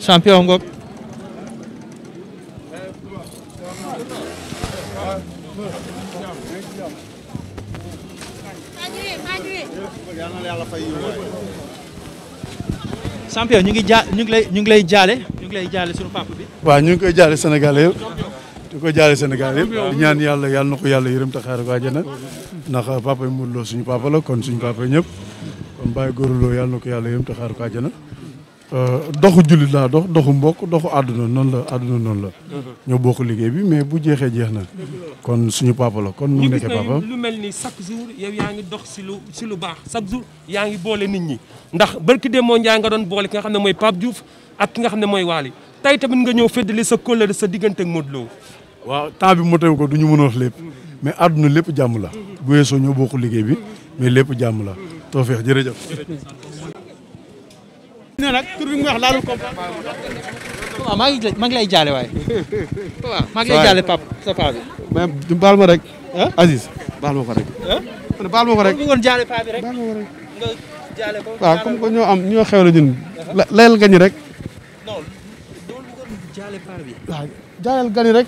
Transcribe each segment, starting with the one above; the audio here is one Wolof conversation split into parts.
champion ngoog champion ñu ngi ja ñu ngi lay ñu ngi lay jaale ñu ngi lay jaale sunu bi waa ñu ngi koy jaale Sénégal di ko jaale Sénégal yëpp di ñaan yàlla yàlla na ko yàlla yërëm te xaare ko àjjana ndax papa yi Modou Lo suñu papa la kon suñu papa ñëpp kon bàyyi yàlla na ko yàlla yërëm te xaare euh, doxu jullit laa dox doxu mbokk doxu àdduna noonu la àdduna noonu la ñoo liggéey bi mais bu jeexee jeex na kon suñu papa kon nu nekkee papa lu mel ni chaque jour yaa ngi dox si lu si lu baax chaque jour yaa ngi boole nit ñi ndax barki de moo njaay nga doon boole ki nga xam ne mooy Pape Diouf ak ki nga ne mooy Waly tey tamit nga ñëw feddali sa kóllëre sa diggante ak Modou waaw temps bi moté ko du ñu mën lépp mais àdduna lépp jàmm la bu weesoo ñoo bokk liggéey bi mais lépp jàmm la Tawfekh jërëjëf. ne nag tur ngi maa ngi lay jaale waay. waaw maa baal ma rek. Aziz baal ma ko rek. baal ma ko rek waaw comme que ñoo am ñoo xew la ñun. layal gañi rek.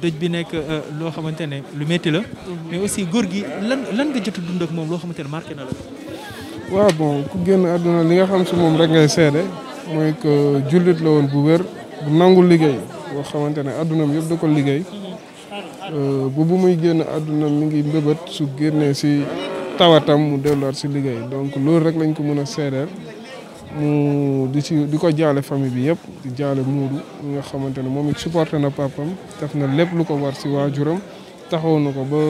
dëj bi nekk euh, loo xamante ne lu métti la. mais aussi góor gi lan lan nga jot a moom loo xamante ne marqué na la. waaw bon ku génn àdduna li nga xam si moom rek ngay seede mooy que jullit la woon bu wér bu nangul liggéey boo xamante ne àddunaam yëpp da ko liggéey euh, bu bu muy génn àdduna mi ngi mbëbët su génnee si. tawatam mu delluwaat si liggéey donc loolu rek lañ ko mën a seedeel mu di si di ko jaale famille bi yëpp di jaale muudu mi nga xamante ne moom it supporté na papam def na lépp lu ko war si waajuram taxaw na ko ba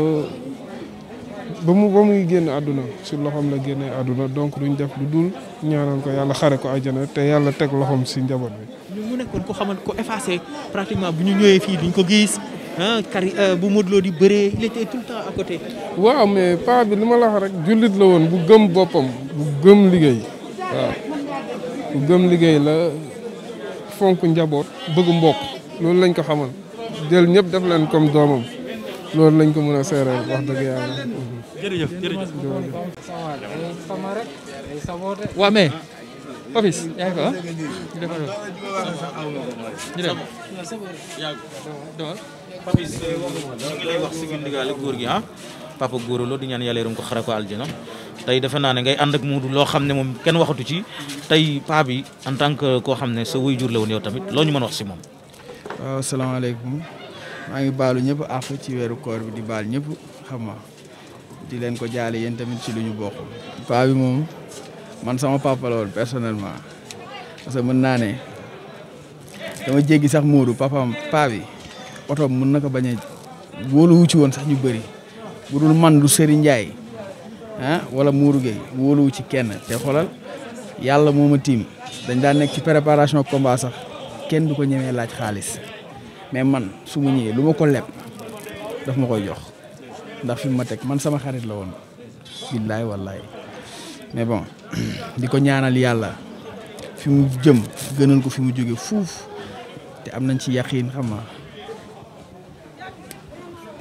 ba mu ba muy génn àdduna si loxoom la génnee àdduna donc duñ def lu dul ñaanal ko yàlla xare ko àjjana te yàlla teg loxoom si njaboot bi. ñu mu nekkoon ku xamante ko effacé pratiquement bu ñu ñëwee fii duñ ko gis. ah kari euh, bu Modou Lo di bëree il était tout le temps waaw mais paa bi li ma la rek jullit la woon bu gëm boppam bu gëm liggéey waaw bu gëm liggéey la fonk njaboot bëgg mbokk loolu lañ ko xamal jël ñëpp def leen comme doomam loolu lañ ko mën a seereel wax dëgg yàlla. jërëjëf jërëjëf. waaw office yaa ngi ko ah. Papis góor gi ah loo di ñaan yàlla yërëm ko xare ko aljana tey defe naa ne ngay ànd ak Modou loo xam ne moom kenn waxatu ci tey paa bi en tant que koo xam ne sa wuy jur la woon yow tamit loo ñu mën wax si moom. waaw salaamaaleykum maa ngi baalu ñëpp àq ci weeru koor bi di baal ñëpp xam nga di leen ko jaale yéen tamit ci lu ñu bokk. paa bi moom. man sama papa la woon personnellement parce que mën naa ne dama jéggi sax Modou papaam paa bi otoom mën na ko bañ a wóoluwu ci woon sax ñu bëri bu dul man du Serigne Ndiaye ah walla Mourou Gueye wóoluwu ci kenn te xoolal yàlla moo ma tiim dañ daan nekk ci préparation komba sax kenn du ko ñemee laaj xaalis mais man su ma ñëwee lu ma ko leb daf ma koy jox ndax fi mu ma teg man sama xarit la woon billaay wallaay mais bon di ko ñaanal yàlla fi mu jëm gënal ko fi mu jóge fuuf te am nañ ci yaqiin xam nga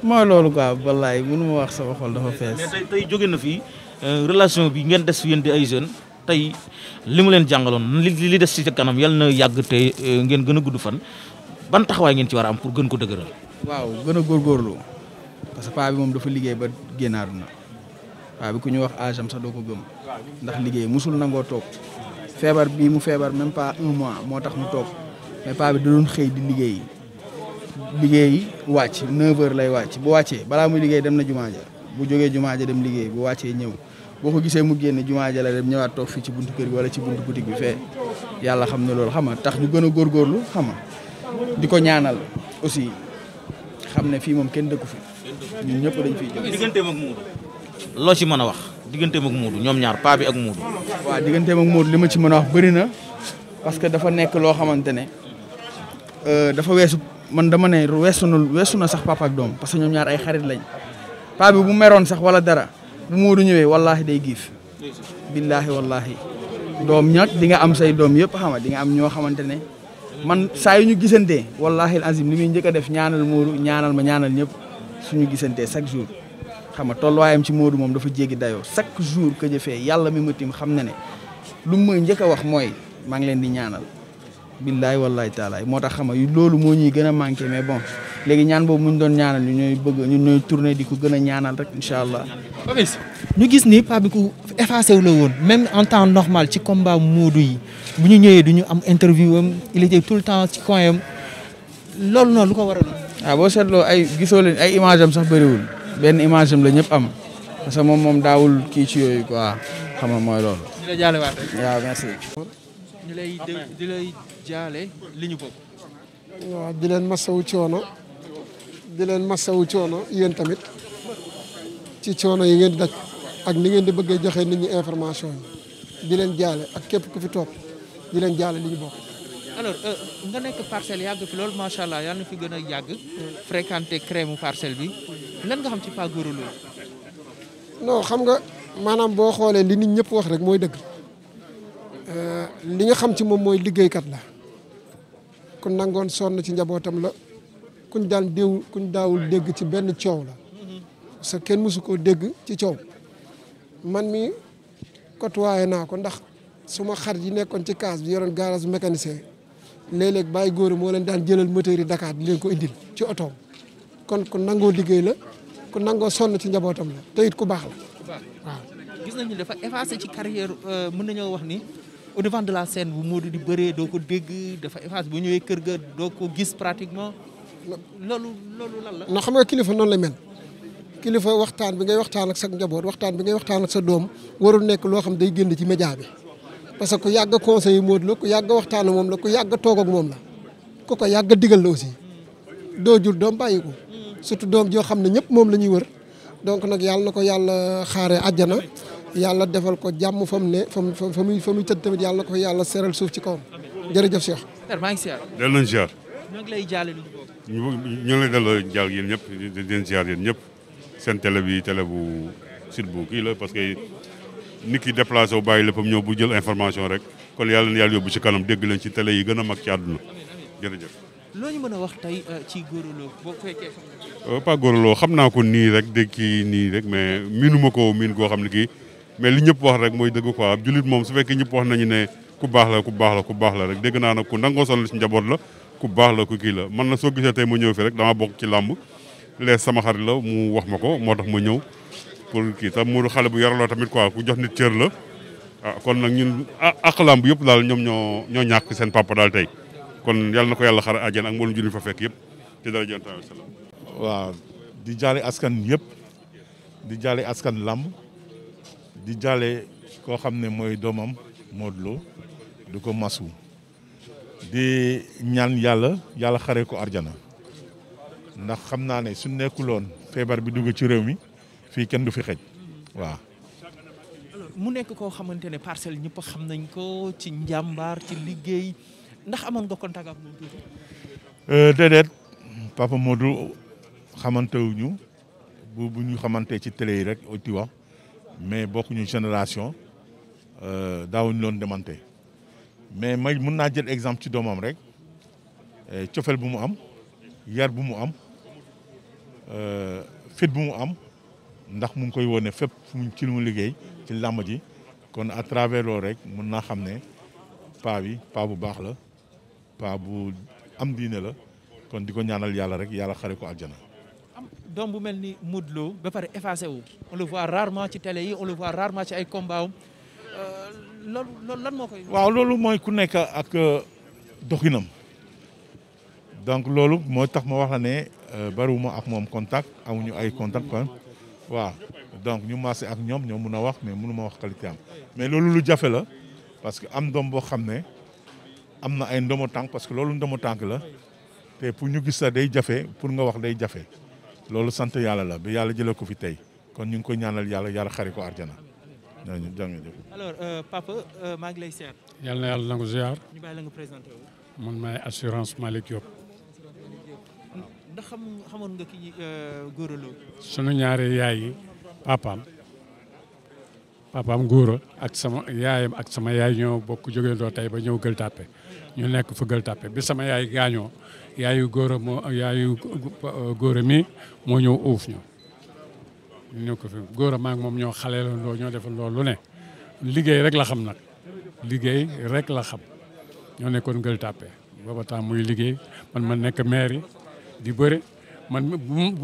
mooy loolu quoi wallaay mënu ma wax sama xol dafa fees. tey jóge na fi euh, relation bi ngeen des fi yéen di ay jeunes tey li mu leen jàngaloon li li des ci kanam yal na yàgg te euh, ngeen gën a gudd fan ban taxawaay ngeen ci war a am pour gën ko dëgëral. waaw gën a góorgóorlu parce que paa bi moom dafa liggéey ba génnaar na paa bi ku ñu wax âge am sax doo ko gëm. ndax liggéey musul nangoo toog feebar bii mu feebar même pas un mois moo tax mu toog mais paa bi da doon xëy di liggéey liggéey wàcc 9h lay wàcc bu wàccee balaa muy liggéey dem na jumaa ja bu jógee jumaa dem liggéey bu wàccee ñëw boo ko gisee mu génn jumaa ja la dem ñëwaat toog fii ci bunt kër gi wala ci buntu boutique bi fee yàlla xam ne loolu xam nga tax ñu gën a góor góorlu nga di ko ñaanal aussi xam ne fii moom kenn dëkku fi ñun ñëpp dañ fiy jóg. diggante ci mën a wax. digganteem ak Moodu ñoom ñaar paa bi ak Moodu. waaw digganteem ak Moodu li ma ci mën a wax bëri na parce que dafa nekk loo xamante ne euh, dafa weesu man dama ne weesu na weesu na sax papa doom parce que ñoom ñaar ay xarit lañ paa bi bu meroon sax wala dara bu Moodu ñëwee wallaahi day giif. billaahi wallaahi doom ñag di nga am say doom yëpp xam nga di nga am ñoo xamante ne man saa yu ñu gisantee wallaahi al azim li muy njëkk a def ñaanal Moodu ñaanal ma ñaanal ñëpp suñu gisantee chaque jour. xam nga tolluwaayam ci Modou moom dafa jéggi dayoo chaque jour que jëfee yàlla mi ma tiim xam na ne lu muy njëkk a wax mooy maa ngi leen di ñaanal billaay wallaay taalaay moo tax xam yu loolu moo ñuy gën a manqué mais bon léegi ñaan boobu mu ñu doon ñaanal ñu ñooy bëgg ñu ñooy tourné di ko gën a ñaanal rek incha allah. Papis ñu gis ni Pape ku effacé wu la woon même en temps normal ci combat Modou yi bu ñu ñëwee du ñu am interview am il tout le temps ci coin am loolu noonu lu ko waraloon. waaw ah, boo seetloo ay gisoo image sax bëriwul. benn image la ñëpp am parce que moom moom daawul kii ci yooyu quoi xam nga mooy loolu. ñu lay jaale waat rek. waaw merci. ñu lay di lay jaale li ñu bokk. waaw di leen masawu coono di leen masawu coono yéen tamit ci coono yi ngeen di daj ak ni ngeen di bëggee joxe nit ñi information yi di leen jaale ak képp ku fi toog di leen jaale li ñu bokk. alors euh, nga nekk parcelle yàgg fi loolu macha allah yàlla na fi gën a yàgg. Mm. fréquenté crème parcel bi. lan nga xam ci Paa Gora Lo xam nga maanaam boo xoolee li nit ñëpp wax rek mooy dëgg euh, li nga xam ci moom mooy liggéeykat la ku nangoon sonn ci njabootam la kuñ daan déew kuñ daawul dégg ci benn coow la parce que kenn mësu koo dégg ci coow man mii mi côtoyé naa ko ndax suma xarit yi nekkoon ci kaas bi yoroon garage mécanicien léeg-léeg bàyyi góor moo leen daan jëlal moteur yi Dakar di leen ko indil ci otoom kon ku nangoo liggéey la ku nangoo sonn ci njabootam la te it ku baax la waaw. gis nañu dafa effacé ci carrière euh, mën nañoo wax ni au devant de la scène bu Modou di bëree doo ko dégg dafa effacé bu ñëwee kër ga doo ko gis pratiquement. loolu loolu la la. non xam nga kilifa noonu la mel kilifa waxtaan bi ngay waxtaan ak sa njaboot waxtaan bi ngay waxtaan ak sa doom warul nekk loo xam day génn ci média bi parce que ku yàgg conseil yi Modou la ku yàgg waxtaan moom la ku yàgg toog ak la ku ko yàgg digal la aussi surtout doom joo xam ne ñëpp moom la ñuy wër donc nag yàlla na ko yàlla xaare àjjana yàlla defal ko jàmm fa mu ne fa mu fa muy fa muy tëdd tamit yàlla ko yàlla seeral suuf ci kawam jërëjëf Cheikh. maa ngi ziar. dellu nañ ziar. ñu ñu ngi lay delloo jaal yéen ñëpp di leen ziar ñëpp seen télé bi télé bu sud bu kii la parce que nit ki déplacé wu bàyyi léppam ñëw bu jël information rek kon yàlla na yàlla yóbbu ci kanam dégg leen ci télé yi gën a mag ci àdduna jërëjëf. loo ñu mën a wax tey euh, ci góorloo boo fekkee euh, pas góorloo xam naa ko nii rek dégg kii nii rek mais miinuma ko miin goo xam ne kii mais li ñëpp wax rek mooy dëgg ko ab jullit moom su fekkee ñëpp wax nañu ne ku baax la ku baax la ku baax la rek dégg naa nag ku nangoo sonal ci njaboot la ku baax la ku kii la man na soo gisee tey ma ñëw fi rek dama bokk ci làmb lees sama xarit la mu wax ma ko moo tax ma ñëw pour kii tam mu xale bu yaraloo tamit quoi ku jox nit cër la ah kon nag ñun ah, ak làmb yëpp daal ñoom ñoo ñoo ñàkk seen papa daal tey kon yàlla na ko yàlla xar àjjana ak mboolum jullit fa yëpp ci dara jënd tamit salaam. waaw jaale askan yëpp di jaale askan làm di jaale koo xam ne mooy doomam Modou du ko masu di ñaan yàlla yàlla xaree ko arjana ndax xam naa ne su nekkuloon feebar bi dugg ci réew mi fii kenn du fi xej waaw. mu nekk koo xamante ne parcelle xam nañ ko ci njàmbaar ci liggéey. ndax amoon nga kon ak moom tuuti. Euh, déedéet papa xamante bu bu ñu xamante ci télé yi rek tu vois mais bokkuñu génération euh, daawuñ loon demante mais may mun naa jël exemple ci doomam rek euh, cofeel bu mu am yar bu mu am fit bu mu am ndax mu ngi koy wone fépp fu mu ci lu mu liggéey ci làmb ji kon à travers loolu rek mun naa xam ne paa bi paa bu baax la. paa bu am diine la kon di ko ñaanal yàlla rek yàlla xare ko aljana am doom bu mel ni Modou Lo ba pare effacé wu on le voit rarement ci télé yi on le voit rarement ci ay combat am euh, loolu waaw loolu mooy ku nekk ak euh, doxinam donc loolu moo tax ma wax la ne euh, bariwuma ak moom contact amuñu ay contact quoi waaw donc ñu maase ak ñoom ñoo mun a wax mais mënuma wax qualité am mais loolu lu jafe la parce que am doom boo xam ne. am na ay ndomo tànk parce que loolu ndomo tànk la te pour ñu gis la day jafe pour nga wax day jafe loolu sant yàlla la bi yàlla jëlee ko fi tey kon ñu ngi ko ñaanal yàlla yàlla xari ko arjana ñooñu jërëjëf. alors euh, euh, maa ngi lay seet. yal na yàlla nangu ziar. ñu bàyyi la nga présenté wu. man assurance Malick Diop. ndax xam xamoon nga kii euh, ñaari yaay yi papaam Ngóora ak sama yaayam ak sama yaay ñoo bokk jógeendoo tey ba ñëw Gueule Tapée ñu nekk fa Gueule Tapée bi sama yaay gaañoo yaayu Ngóora moo yaayu Ngóora mi moo ñëw uuf ñu ñu ko fi Ngóora maa ngi moom ñoo xaleelandoo ñoo defandoo lu ne liggéey rek la xam nag liggéey rek la xam ñoo nekkoon Gueule Tapée booba temps muy liggéey man ma nekk maire yi di bëre man bu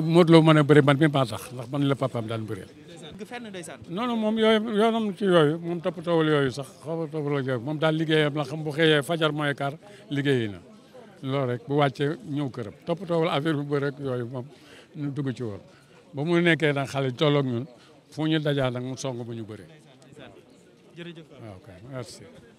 Modou Lo mën a bëre man mi maa tax ndax man la papaam daan bëreel dégg fenn ndeysaan. non non moom yooyu yoonam ci yooyu moom toppatoowul yooyu sax xaw ma la moom daal liggéeyam la xam bu xëyee fajar mooy kaar liggéeyi na loolu rek bu wàcce ñëw këram toppatoowul affaire bu bëri rek yooyu moom ñu dugg ci woon ba mu nekkee nag xale tolloog ñun fu ñu dajaa mu song bu ñu bëree. waaw ah, kay